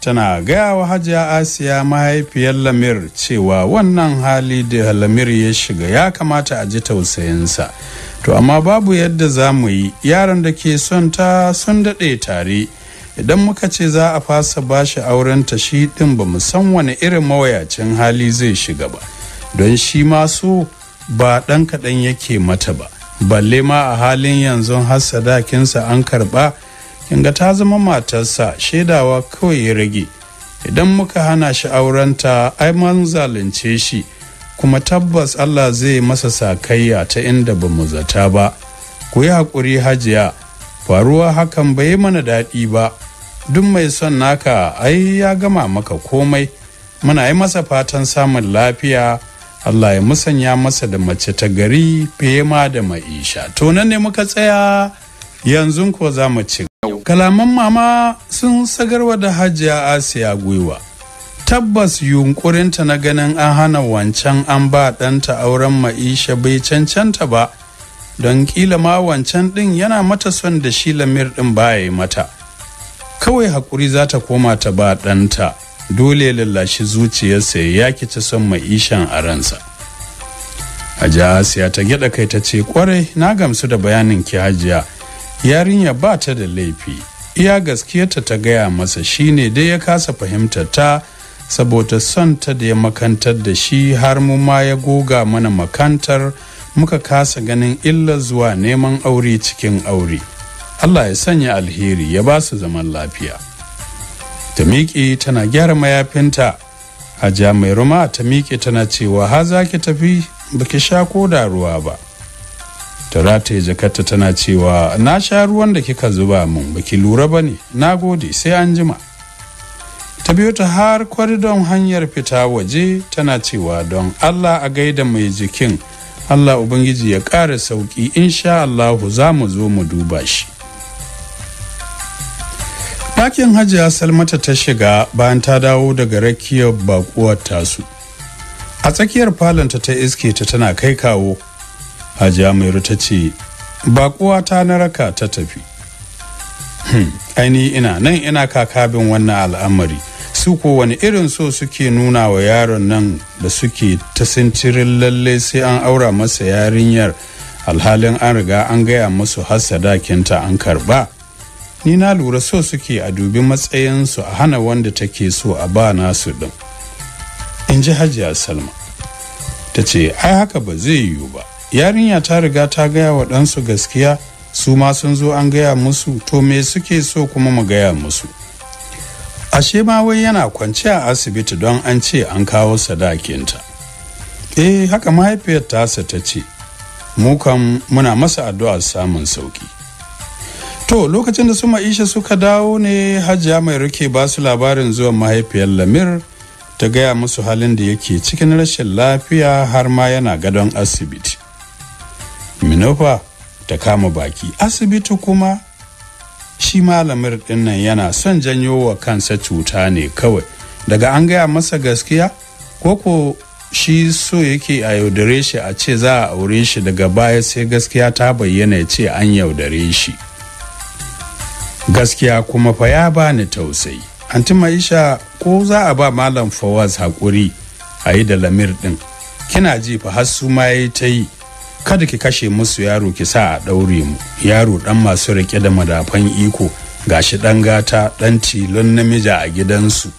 tana gaya wa hajiya asiya mahaifiyar lamir cewa wannan hali da lamir ya shiga ya kamata a ji tausayinsa to amma babu yadda za mu yi yaran da ke son ta sun daɗe tare idan muka ce za a fasa bashi auren ta shi ɗin ba mu san wani irin mawayacin hali zai shiga ba don shi ma su ba ɗan kaɗan yake mata ba balle ma a halin yanzu har sadakinsa an karɓa inga ta zama matarsa shaidawa kawai ya rage idan muka hana shi aurenta ai man zalunce shi kuma tabbas Allah zai masa sakayya ta inda ba mu zata ba ku yi haƙuri hajiya faruwa hakan bai mana daɗi ba duk mai son naka ai ya gama maka komai muna yi masa fatan samun lafiya Allah ya musanya masa da mace ta gari fiye ma da ma'isha to nan ne muka tsaya yanzu ko za mu ci kalaman mama sun sagarwa da hajiya asiya gwiwa tabbas yunkurinta na ganin an hana wancan an ba ɗanta auren ma'isha bai cancanta ba don kila ma wancan ɗin yana mata son da shi lamir ɗin baya yi mata kawai haƙuri za ta koma ta ba ɗanta dole lallashi zuciyarsa ya yaki ta son ma'ishan a ransa hajiya asiya ta gyaɗa kai ta ce kwarai na gamsu da bayanin ki hajiya yarinya ba ta da laifi iya gaskiyarta ta gaya masa shine dai ya kasa fahimtar ta saboda son ta da ya makantar da shi har mu ma ya goga mana makantar muka kasa ganin illa zuwa neman aure cikin aure Allah ya sanya alheri ya ba su zaman lafiya ta miƙe tana gyara mayafinta a mai ruma ta miƙe tana cewa ha za ki tafi baki sha ko da ruwa ba tarata jakarta tana cewa na sha ruwan da kika zuba min baki lura ba ne na gode sai an jima ta biyo ta har kwaridon hanyar fita waje tana cewa don allah a gaida mai jikin allah ubangiji ya ƙara sauƙi insha allahu za mu zo mu duba shi ɗakin hajiya salmata ta shiga bayan ta dawo daga rakiyar bakuwar tasu a tsakiyar falonta ta iske ta tana kai kawo hajiya mairu ta ce bakuwa ta na raka ta tafi hmm, aini ina nan ina kakabin wannan al'amari su ko wani irin so suke nuna wa yaron nan da suke ta sintirin lalle sai an aura masa yarinyar alhalin an riga an gaya masu har sadakinta an karba ni na lura so suke a dubi matsayinsu a hana wanda take so a ba nasu din in ji hajiya salma ta ce ai haka ba zai yiwu ba yarinya ta riga ta gaya wa ɗansu gaskiya su ma sun zo an gaya musu to me suke so kuma mu gaya musu ashe ma wai yana kwance a asibiti don an ce an kawo sadakinta eh haka mahaifiyar tasa ta ce mukan muna masa addu'ar samun sauki to lokacin da su ma'isha suka dawo ne hajiya mai rike ba su labarin zuwan mahaifiyar lamir ta gaya musu halin da yake cikin rashin lafiya har ma yana gadon asibiti minofa ta kama baki asibiti kuma shi malamir dinnan yana son janyo wa kansa cuta ne kawai daga an gaya masa gaskiya koko shi so yake a yaudare shi a ce za a aure shi daga baya sai gaskiya ta bayyana ya ce an yaudare shi gaskiya kuma fa ya bani tausayi anti maisha ko za a ba malam fawaz haƙuri a yi da lamir ɗin kina ji fa har su ma ya ta yi kada ki kashe musu yaro ki sa a ɗaure mu yaro ɗan masu riƙe da madafan iko gashi ɗan gata ɗan tilon namiji a gidansu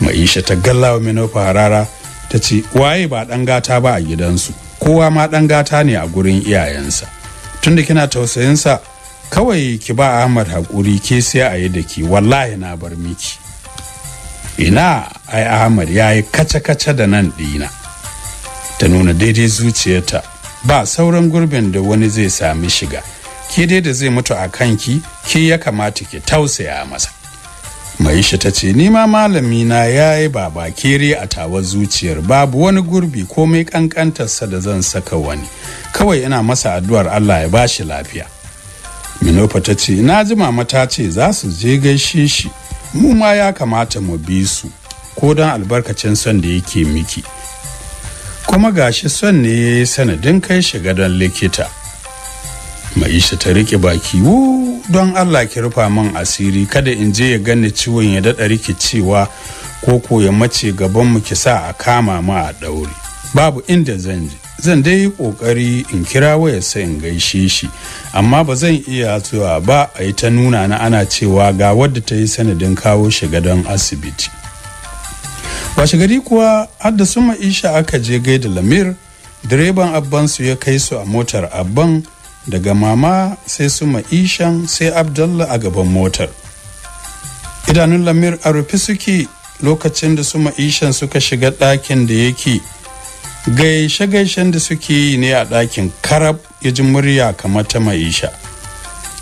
maisha ta gallawa minofa harara ta ce waye ba ɗan gata ba a gidansu kowa ma ɗan gata ne a gurin iyayensa tunda kina tausayinsa kawai ki ba ahmad haƙuri ke sai a yi da ki wallahi na bar miki ina ai ahmad ya yi kace-kace da nan ɗina ta nuna daidai zuciyarta ba sauran gurbin da wani zai sami shiga ke dai da zai mutu a kanki ke ya kamata ki tausaya masa maisha ta ce nima malami na ya yi baba kere a tawa zuciyar babu wani gurbi komai kankantarsa da zan saka wani kawai ina masa addu'ar allah ya bashi lafiya minofa ta ce na ji mama ta ce za su je gaishe shi mu ma ya kamata mu bi su ko don albarkacin son da yake miki kuma gashi son ne ya sanadin kai shi gadon likita maisha ta rike baki wu don allah ki rufa min asiri kada in je ya gane ciwon ya daɗa rikicewa ko ko ya mace gaban mu ki sa a kama ma a ɗauri babu inda zan je zan dai yi ƙoƙari in kira sai in gaishe shi amma ba zan iya zuwa ba a yi ta nuna na ana cewa ga wadda ta yi sanadin kawo shi gadon asibiti washe gari kuwa hadda da su ma'isha aka je gaida lamir direban abban su ya kai su a motar abban daga mama sai su ma'ishan sai abdallah a gaban motar idanun lamir a rufe suke lokacin da su ma'ishan suka shiga ɗakin da yake gaishe-gaishen da suke yi ne a ɗakin karab ya ji murya kamar ta ma'isha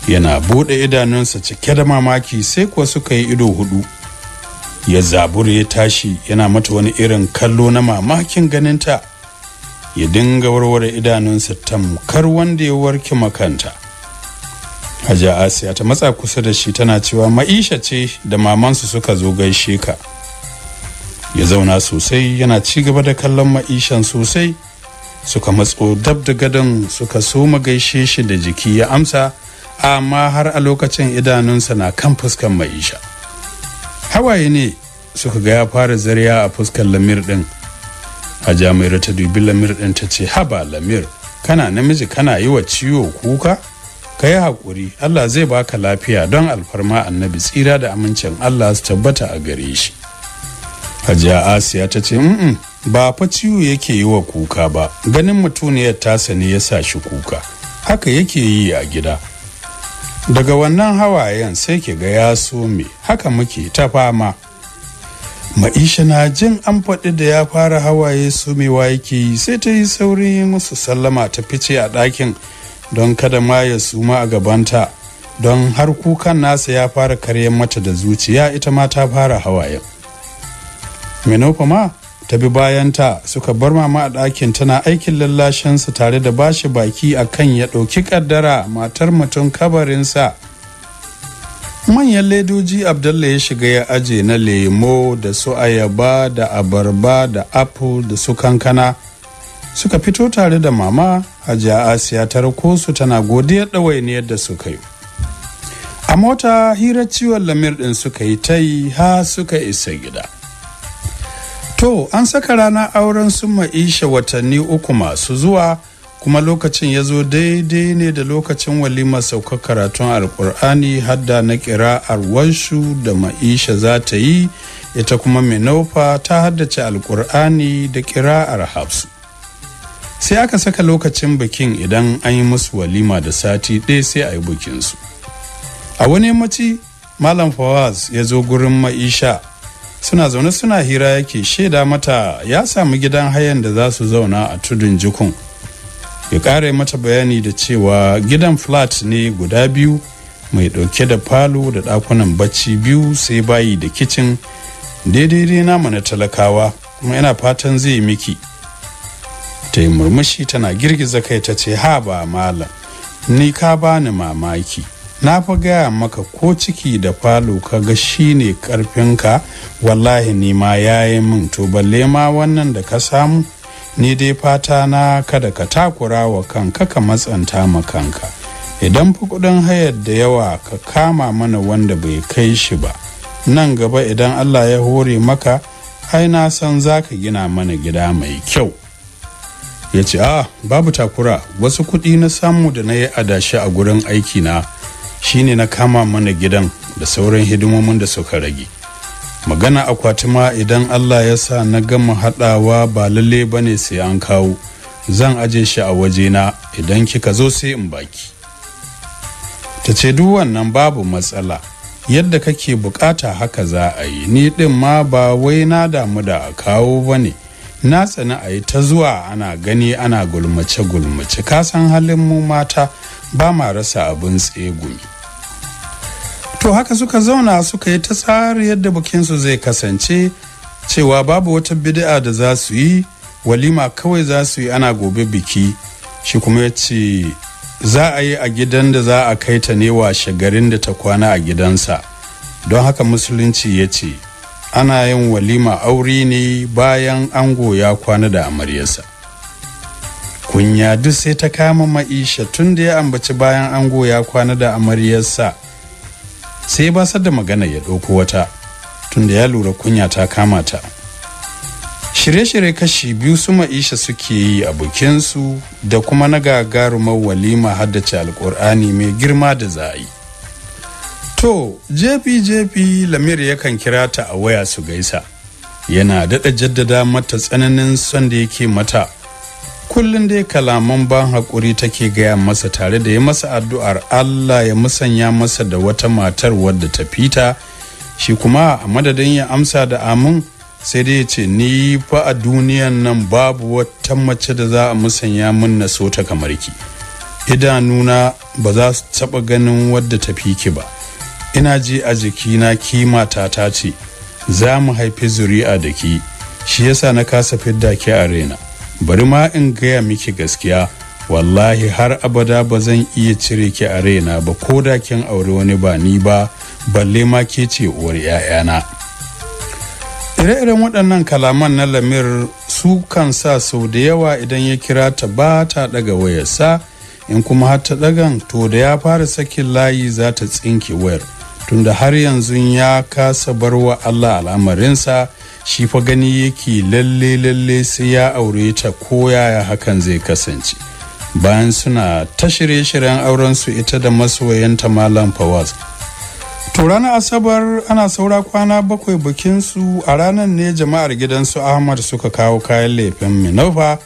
yana buɗe idanunsa cike da mamaki sai kuwa suka yi ido hudu ya zaburi ya tashi yana mata wani irin kallo na mamakin ganinta ya dinga warware idanunsa tamkar wanda ya warke makanta hajiya asiya ta matsa kusa da shi tana cewa ma'isha ce da mamansu suka zo gaishe ka ya zauna sosai yana ci gaba da kallon ma'ishan sosai suka matso dab da gadon suka soma gaishe shi da jiki ya amsa amma har a lokacin idanunsa na kan fuskan ma'isha hawaye ne suka ga ya fara zariya a fuskar lamir din a jami'ar ta dubi lamir din ta ce haba lamir kana namiji kana yi wa ciwo kuka ka yi haƙuri allah zai baka lafiya don alfarma annabi tsira da amincin allah su tabbata a gare shi hajiya asiya ta ce ba fa ciwo yake yi wa kuka ba ganin mutuniyar tasa ne ya sa shi kuka haka yake yi a gida daga wannan hawayen sai ke ga ya me haka muke ta fama ma'isha na jin an faɗi da ya fara hawaye sumewa yake yi sai ta yi saurin musu sallama ta fice a ɗakin don kada ma ya suma a gabanta don har kukan nasa ya fara karyar mata da zuciya ita ma ta fara hawayen menofa ma ta bi bayanta suka bar mama a ɗakin tana aikin lallashinsa tare da bashi baki a kan ya ɗauki ƙaddara matar mutum kabarinsa manyan ledoji abdalla ya shiga ya aje na lemo da su ayaba da abarba da apple da su kankana suka fito tare da mama hajiya asiya ta rako su tana godiyar ɗawainiyar da suka yi a mota hirar ciwon lamir ɗin suka yi ta yi ha suka isa gida To, an saka ranar auren su ma'isha watanni uku masu zuwa kuma lokacin ya zo daidai ne da lokacin walima sauka karatun alkur'ani hadda na kira'ar wanshu da ma'isha za ta yi ita kuma minofa ta haddace alkur'ani da kira'ar hafsu sai aka saka lokacin bikin idan an yi musu walima da sati ɗaya sai a yi bikinsu a wani yammaci malam fawaz ya zo gurin ma'isha suna zaune suna hira yake shaida mata ya samu gidan hayan da za su zauna a tudun jikun ya kare mata bayani da cewa gidan flat ne guda biyu mai dauke da falo da dakunan bacci biyu sai bayi da kicin daidai nama na talakawa kuma yana fatan zai miki ta yi murmushi tana girgiza kai ta ce ha ba malam ni ka bani mamaki na fi gaya maka ko ciki da falo ka ga shi ne karfinka wallahi ni ma ya yi min to balle ma wannan da ka samu ni dai fata na kada ka takura wa kanka ka matsanta ma kanka idan fi kudin hayar da yawa ka kama mana wanda bai kai shi ba nan gaba idan allah ya hore maka ai na san zaka gina mana gida mai kyau ya ce a ah, babu takura wasu kuɗi na samu da na yi adashi a gurin aiki na shine na kama mana gidan da sauran hidimomin da suka rage magana akwati ma idan allah ya sa na gama haɗawa ba lalle ba ne sai an kawo zan aje shi a waje na idan kika zo sai in baki ta ce duk wannan babu matsala yadda kake bukata haka za a yi ni ɗin ma ba wai na damu da a kawo ba ne na tsani a yi ta zuwa ana gani ana gulmace-gulmace kasan halin mu mata ba ma rasa abin tsegumi to haka suka zauna suka yi ta tsari yadda bukinsu zai kasance cewa babu wata bid'a da za su yi walima kawai za su yi ana gobe biki shi kuma ya ce za a yi a gidan da za a kai ta ne washe garin da ta kwana a gidansa don haka musulunci ya ce ana yin walima aure ne bayan ango ya kwana da amaryarsa kunya duk sai ta kama ma'isha tun da ya ambaci bayan ango ya kwana da amaryarsa sai ba da magana ya ɗauko wata tun da ya lura kunya ta kama ta shirye-shirye kashi biyu su ma'isha suke yi a bukinsu da kuma na gagarumar walima haddace alkur'ani mai girma da za'ayi to jefi-jefi lamir yakan kira ta a waya su gaisa yana daɗa jaddada mata tsananin son da yake mata kullum dai kalaman ban haƙuri take gaya masa tare da ya masa addu'ar allah ya musanya masa da wata matar wadda ta fita shi kuma a madadin ya amsa da amin sai dai ya ce ni fa a duniyan nan babu wata mace da za a musanya min na so ta kamar ki idanuna ba za su taɓa ganin wadda ta fi ki ba ina ji a jikina ki ta ce za mu haifi zuri'a da ki shi yasa na kasa fidda ki a raina bari ma in gaya miki gaskiya wallahi har abada ba zan iya cire ki a raina ba ko da kin aure wani ba ni ba balle ma ke ce uwar 'ya'yana ire-iren waɗannan kalaman na lamir su kan sa sau da yawa idan ya kira ta ba ta ɗaga wayarsa in kuma har ta ɗagan to da ya fara sakin layi za ta tsinke wayar tunda har yanzu ya kasa barwa Allah al'amarinsa shi fa gani yake lalle lalle sai ya aure ta ko yaya hakan zai kasance bayan suna ta shirye-shiryen auren su ita da masoyanta malam fawaz to ranar asabar ana saura kwana bakwai bikin su a ranar ne jama'ar gidansu ahmad suka kawo kayan laifin minofa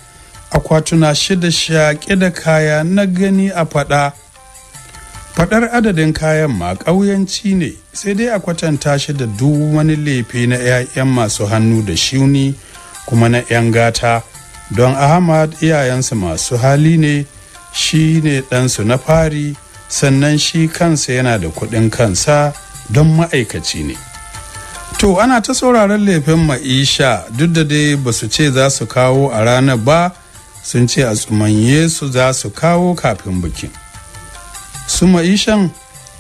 akwatuna shida shaƙe da kaya na gani a faɗa Faɗar adadin kayan ma ƙauyanci ne sai dai a kwatanta shi da duk wani laifi na 'ya'yan masu hannu da shuni kuma na 'yan gata don Ahmad iyayensu masu hali ne shi ne ɗansu na fari sannan shi kansa yana da kuɗin kansa don ma'aikaci ne. To ana ta sauraron laifin ma'isha duk da dai ba su ce za su kawo a ranar ba sun ce a tsumanye su za su kawo kafin bikin. su ma'ishan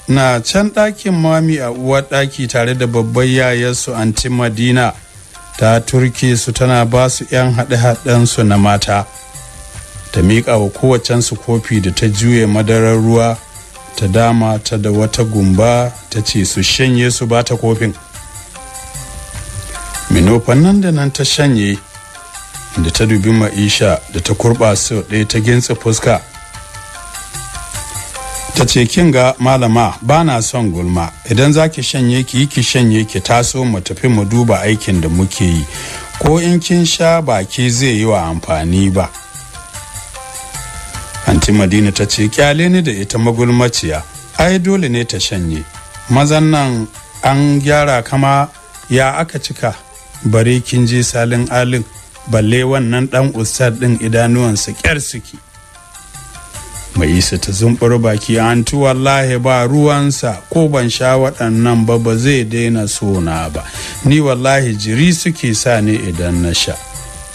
na can ɗakin mami a uwar ɗaki tare da babban yayarsu anti madina ta turke su tana ba su 'yan haɗe-haɗensu na mata ta miƙa wa kowacensu kofi da ta juye madarar ruwa ta dama ta da wata gumba ta ce su shanye su ba ta kofin minofan nan da nan ta shanye da ta dubi ma'isha da ta kurɓa su ɗaya ta gintsa fuska ta ce kin ga malama ba na son gulma idan za ki shanye ki yi ki shanye ki taso mu tafi mu duba aikin da muke yi ko in kin sha baki zai yi wa amfani ba anti madina ta ce kyale ni da ita magulmaciya ai dole ne ta shanye mazan nan an gyara kama ya aka cika bari kin je salin alin balle wannan dan ustad din idanuwansa kyar suke mai isa ta zumbar baki an tu wallahi ba ruwansa ko ban sha waɗannan ba ba zai daina sona ba ni wallahi jiri suke sa ne idan na sha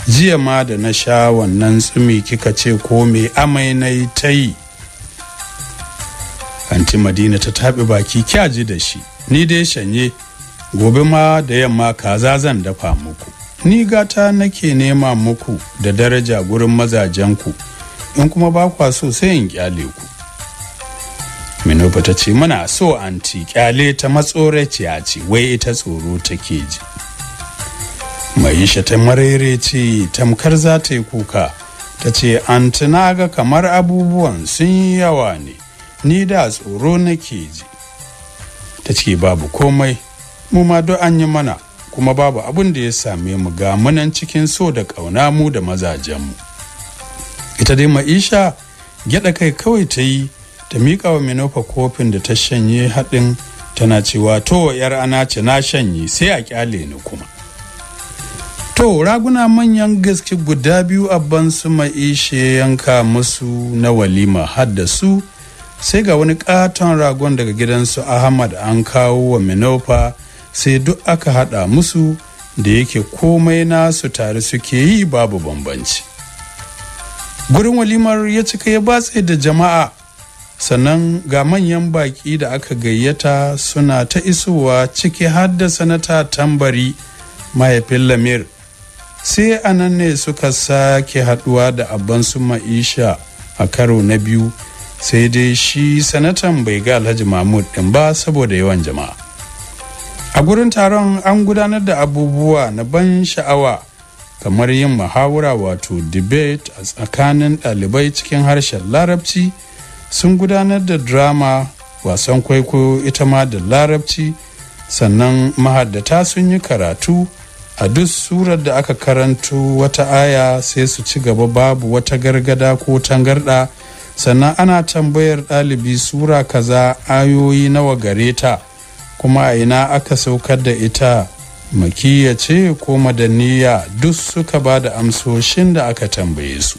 jiya ma da na sha wannan tsumi kika ce ko me amai na yi ta yi anti madina ta taɓi baki kyaji da shi ni dai shanye gobe ma da yamma kaza zan dafa muku ni gata nake nema muku da daraja gurin mazajenku ku in kuma ba kwa so sai in kyale ku minofa ta ce muna so anti kyale ta matsoraciya ce wai ita tsoro take ji mai ta marere ce tamkar za ta yi kuka ta ce anti na ga kamar abubuwan sun yi yawa ne ni da tsoro nake ji ta ce babu komai mu ma duk an yi mana kuma babu abin da ya same mu ga munan cikin so da ƙauna mu da mazajen mu. ita dai ma'isha gyada kai kawai ta yi ta miƙa wa minofa kofin da ta shanye haɗin tana cewa to yar ana ce na shanye sai a kyale ni kuma to raguna manyan gaske guda biyu abansu su ma'ishe yanka musu na walima har da su sai ga wani katon ragon daga gidansu ahmad an kawo wa minofa sai duk aka haɗa musu da yake komai nasu tare suke yi babu bambanci gurin walimar ya cika ya batse da jama'a sannan ga manyan baki da aka gayyata suna ta isowa ciki har da sanata tambari mahaifin lamir sai a nan ne suka sake haduwa da abban su ma'isha a karo na biyu sai dai shi sanatan bai ga alhaji mahmud din ba saboda yawan jama'a a gurin taron an gudanar da abubuwa na ban sha'awa kamar yin muhawara wato debate a tsakanin dalibai cikin harshen larabci sun gudanar da drama wasan kwaikwayo ita ma da larabci sannan mahaddata sun yi karatu a duk surar da aka karanto wata aya sai su ci gaba babu wata gargada ko tangarda sannan ana tambayar ɗalibi sura kaza ayoyi nawa gare ta kuma a ina aka saukar da ita makiya ce ko madaniya duk suka ba da amsoshin da aka tambaye su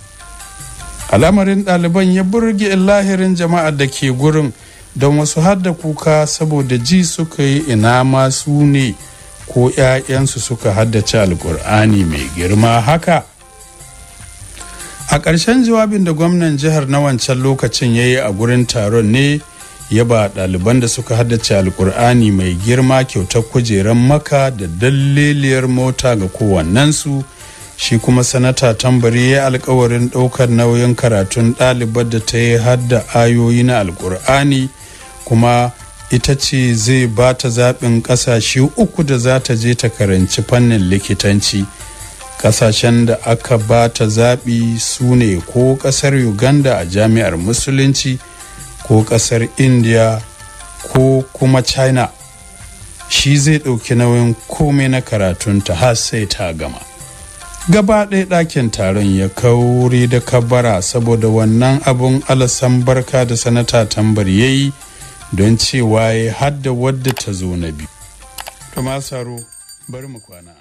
al'amarin ɗaliban ya burge lahirin jama'a da ke gurin don wasu hadda kuka saboda ji suka yi ina masu ne ko 'ya'yansu suka haddace alkur'ani mai girma haka a ƙarshen jawabin da gwamnan jihar na wancan lokacin ya yi a gurin taron ne yaba ɗaliban da suka haddace alkur'ani mai girma kyautar kujeran maka da dalliliyar mota ga kowannensu shi kuma sanata tambari ya alkawarin ɗaukar nauyin karatun ɗalibar da ta yi hadda ayoyi na alkur'ani kuma ita ce zai ba ta zaɓin ƙasashe uku da za ta je ta karanci fannin likitanci ƙasashen da aka ba ta zaɓi su ne ko ƙasar uganda a jami'ar musulunci ko ƙasar india ko kuma china shi zai ɗauki nauyin komai na karatunta har sai ta gama gaba ɗaya ɗakin taron ya kauri da kabara saboda wannan abun alasan barka da sanata tambar ya yi don cewa ya hadda wadda ta zo na biyu. bari mu kwana.